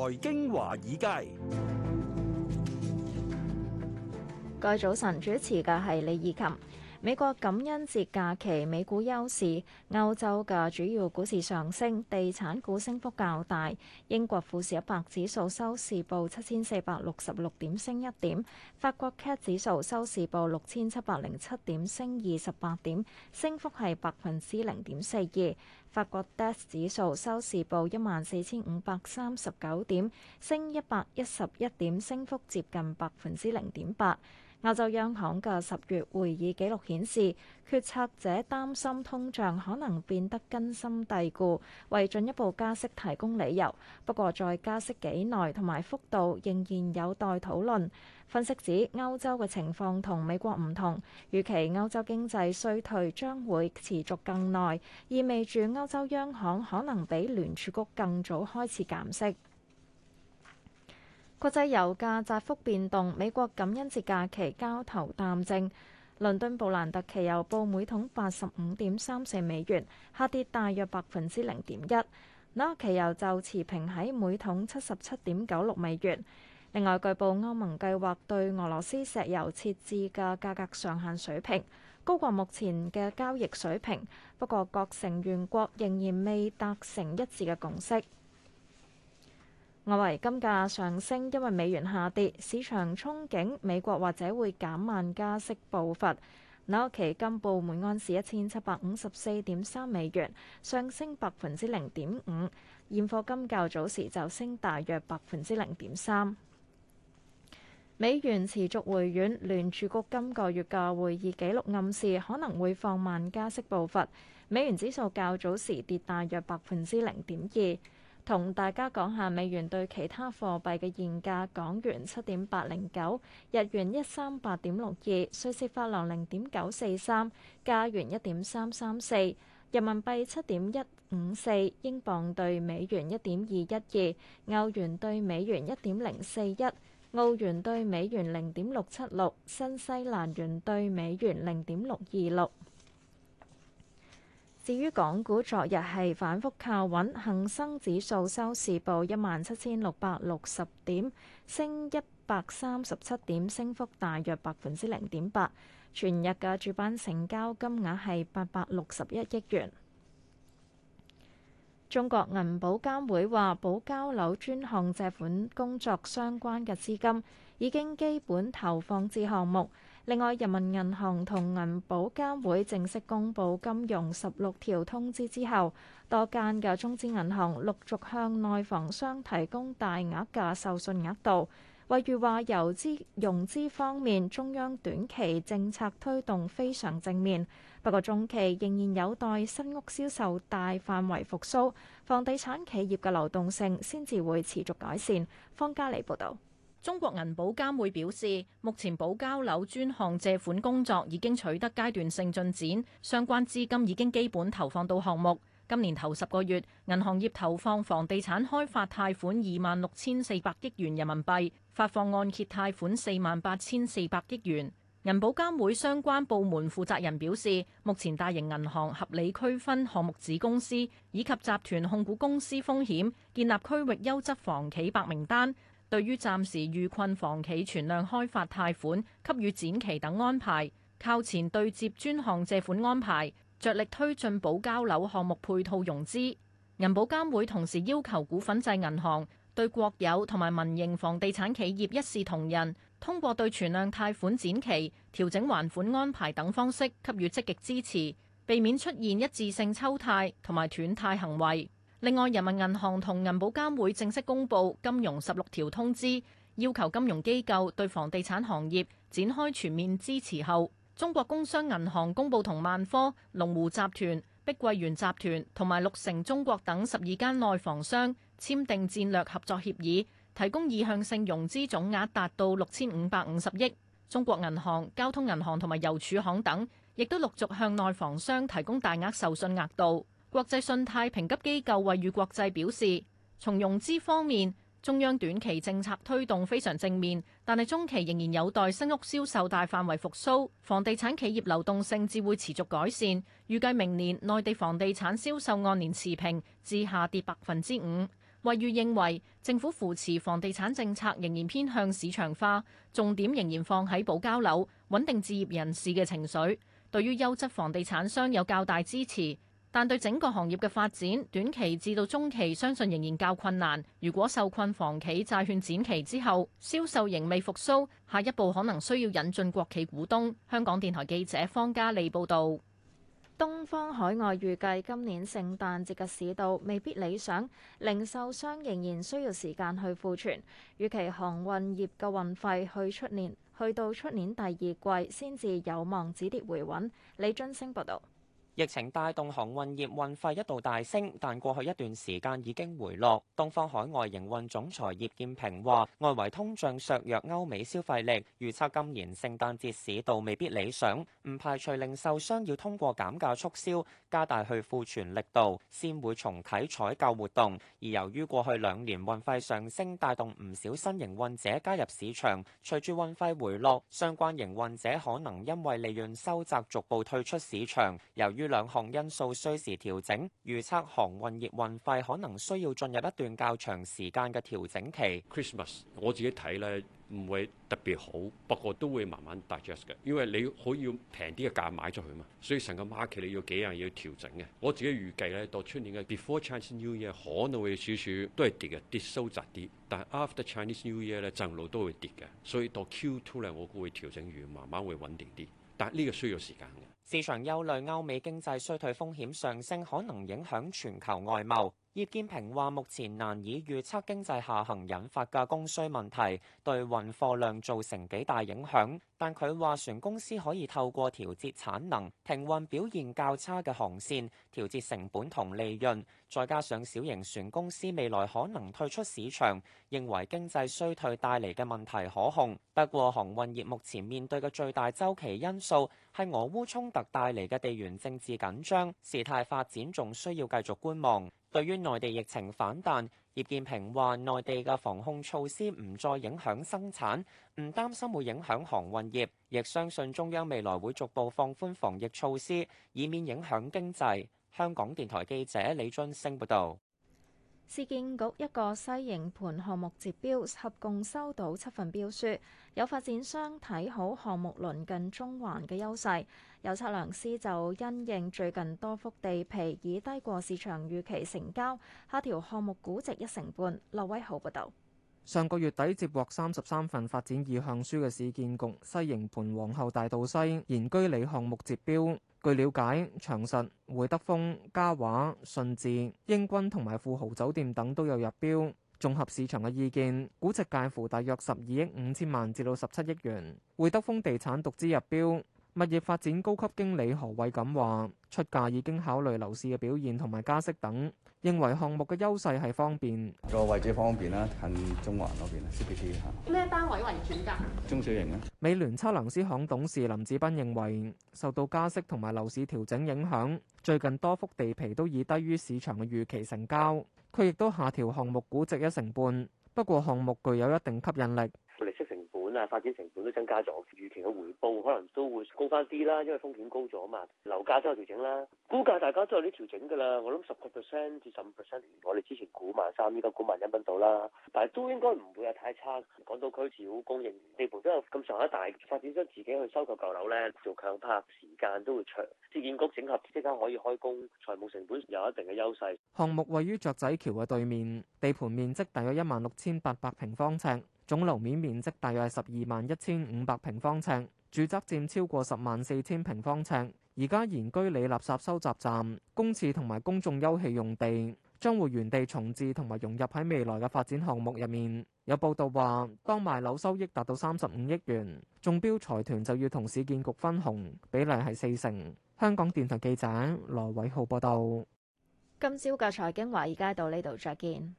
財經華爾街，今早晨主持嘅係李儀琴。美國感恩節假期，美股休市，歐洲嘅主要股市上升，地產股升幅較大。英國富時一百指數收市報七千四百六十六點，升一點。法國 CAC 指數收市報六千七百零七點，升二十八點，升幅係百分之零點四二。法國 DAX 指數收市報一萬四千五百三十九點，升一百一十一點，升幅接近百分之零點八。歐洲央行嘅十月會議記錄顯示，決策者擔心通脹可能變得根深蒂固，為進一步加息提供理由。不過，再加息幾耐同埋幅度仍然有待討論。分析指歐洲嘅情況同美國唔同，預期歐洲經濟衰退將會持續更耐，意味住歐洲央行可能比聯儲局更早開始減息。國際油價窄幅變動，美國感恩節假期交投淡靜。倫敦布蘭特期油報每桶八十五點三四美元，下跌大約百分之零點一。那期油就持平喺每桶七十七點九六美元。另外，據報歐盟計劃對俄羅斯石油設置嘅價格上限水平高過目前嘅交易水平，不過各成員國仍然未達成一致嘅共識。外圍金價上升，因為美元下跌，市場憧憬美國或者會減慢加息步伐。紐約期金報每安士一千七百五十四點三美元，上升百分之零點五。現貨金較早時就升大約百分之零點三。美元持續回軟，聯儲局今個月嘅會議紀錄暗示可能會放慢加息步伐。美元指數較早時跌大約百分之零點二。同大家講下美元對其他貨幣嘅現價：港元七點八零九，日元一三八點六二，瑞士法郎零點九四三，加元一點三三四，人民幣七點一五四，英鎊對美元一點二一二，歐元對美元一點零四一，澳元對美元零點六七六，新西蘭元對美元零點六二六。至於港股昨日係反覆靠穩，恆生指數收市報一萬七千六百六十點，升一百三十七點，升幅大約百分之零點八。全日嘅主板成交金額係八百六十一億元。中國銀保監會話，保交樓專項借款工作相關嘅資金已經基本投放至項目。另外，人民銀行同銀保監會正式公布金融十六條通知之後，多間嘅中資銀行陸續向內房商提供大額嘅授信額度。惠譽話由資融資方面，中央短期政策推動非常正面，不過中期仍然有待新屋銷售大範圍復蘇，房地產企業嘅流動性先至會持續改善。方嘉莉報道。中國銀保監會表示，目前保交樓專項借款工作已經取得階段性進展，相關資金已經基本投放到項目。今年頭十個月，銀行業投放房地產開發貸款二萬六千四百億元人民幣，發放按揭貸款四萬八千四百億元。銀保監會相關部門負責人表示，目前大型銀行合理區分項目子公司以及集團控股公司風險，建立區域優質房企白名單。對於暫時遇困房企存量開發貸款給予展期等安排，靠前對接專項借款安排，着力推進保交樓項目配套融資。銀保監會同時要求股份制銀行對國有同埋民營房地產企業一視同仁，通過對存量貸款展期、調整還款安排等方式給予積極支持，避免出現一致性抽貸同埋斷貸行為。另外，人民銀行同銀保監會正式公布《金融十六條通知》，要求金融機構對房地產行業展開全面支持後，中國工商銀行公布同萬科、龍湖集團、碧桂園集團同埋綠城中國等十二間內房商簽訂戰略合作協議，提供意向性融資總額達到六千五百五十億，中國銀行、交通銀行同埋郵儲行等亦都陸續向內房商提供大額授信額度。國際信貸評級機構惠譽國際表示，從融資方面，中央短期政策推動非常正面，但係中期仍然有待新屋銷售大範圍復甦，房地產企業流動性至會持續改善。預計明年內地房地產銷售按年持平至下跌百分之五。惠譽認為，政府扶持房地產政策仍然偏向市場化，重點仍然放喺保交樓、穩定置業人士嘅情緒，對於優質房地產商有較大支持。但對整個行業嘅發展，短期至到中期，相信仍然較困難。如果受困房企債券展期之後，銷售仍未復甦，下一步可能需要引進國企股東。香港電台記者方嘉利報導。東方海外預計今年聖誕節嘅市道未必理想，零售商仍然需要時間去庫存，與其航運業嘅運費去出年、去到出年第二季先至有望止跌回穩。李津星報導。疫情帶動航運業運費一度大升，但過去一段時間已經回落。東方海外營運總裁葉建平話，兩項因素需時調整，預測航運業運費可能需要進入一段較長時間嘅調整期。Christmas 我自己睇咧，唔會特別好，不過都會慢慢 digest 嘅，因為你可以平啲嘅價買出去嘛。所以成個 market 你要幾樣嘢要調整嘅。我自己預計咧，到出年嘅 Before Chinese New Year 可能會少少都係跌嘅，跌收窄啲。但係 After Chinese New Year 咧，正路都會跌嘅。所以到 Q2 咧，我估會調整完，慢慢會穩定啲。但呢個需要時間嘅。市場憂慮歐美經濟衰退風險上升，可能影響全球外貿。葉劍平話：目前難以預測經濟下行引發嘅供需問題對運貨量造成幾大影響，但佢話船公司可以透過調節產能、停運表現較差嘅航線、調節成本同利潤，再加上小型船公司未來可能退出市場，認為經濟衰退帶嚟嘅問題可控。不過，航運業目前面對嘅最大周期因素係俄烏衝突帶嚟嘅地緣政治緊張，事態發展仲需要繼續觀望。對於內地疫情反彈，葉建平話：內地嘅防控措施唔再影響生產，唔擔心會影響航運業，亦相信中央未來會逐步放寬防疫措施，以免影響經濟。香港電台記者李俊升報導。市建局一個西營盤項目截標，合共收到七份標書。有發展商睇好項目鄰近中環嘅優勢，有測量師就因應最近多幅地皮已低過市場預期成交，下調項目估值一成半。劉威豪報導。上個月底接獲三十三份發展意向書嘅市建局西營盤皇后大道西賢居里項目截標。據了解，長實、會德豐、嘉華、信置、英君同埋富豪酒店等都有入標。綜合市場嘅意見，估值介乎大約十二億五千萬至到十七億元。會德豐地產獨資入標，物業發展高級經理何偉錦話：出價已經考慮樓市嘅表現同埋加息等。認為項目嘅優勢係方便個位置方便啦，近中環嗰邊啊，CBD 啊。咩單位為主噶？中小型啊。美聯測量師行董、董事林志斌認為，受到加息同埋樓市調整影響，最近多幅地皮都以低於市場嘅預期成交。佢亦都下調項目估值一成半，不過項目具有一定吸引力。利息成本啊，發展成本都增加咗，預期嘅回報可能都。會高翻啲啦，因為風險高咗嘛，樓價都有調整啦。估價大家都有啲調整㗎啦。我諗十個 percent 至十五 percent，我哋之前估萬三，依家估萬一蚊到啦，但係都應該唔會係太差。港島區自有供應地盤都有咁上下，大發展商自己去收購舊樓咧，做強拍時間都會長，市建局整合即刻可以開工，財務成本有一定嘅優勢。項目位於雀仔橋嘅對面，地盤面積大約一萬六千八百平方尺，總樓面面積大約係十二萬一千五百平方尺。住宅佔超過十萬四千平方尺，而家現居里垃圾收集站公廁同埋公眾休憩用地，將會原地重置，同埋融入喺未來嘅發展項目入面。有報道話，當賣樓收益達到三十五億元，中標財團就要同市建局分紅，比例係四成。香港電台記者羅偉浩報道。今朝嘅財經華爾街到呢度再見。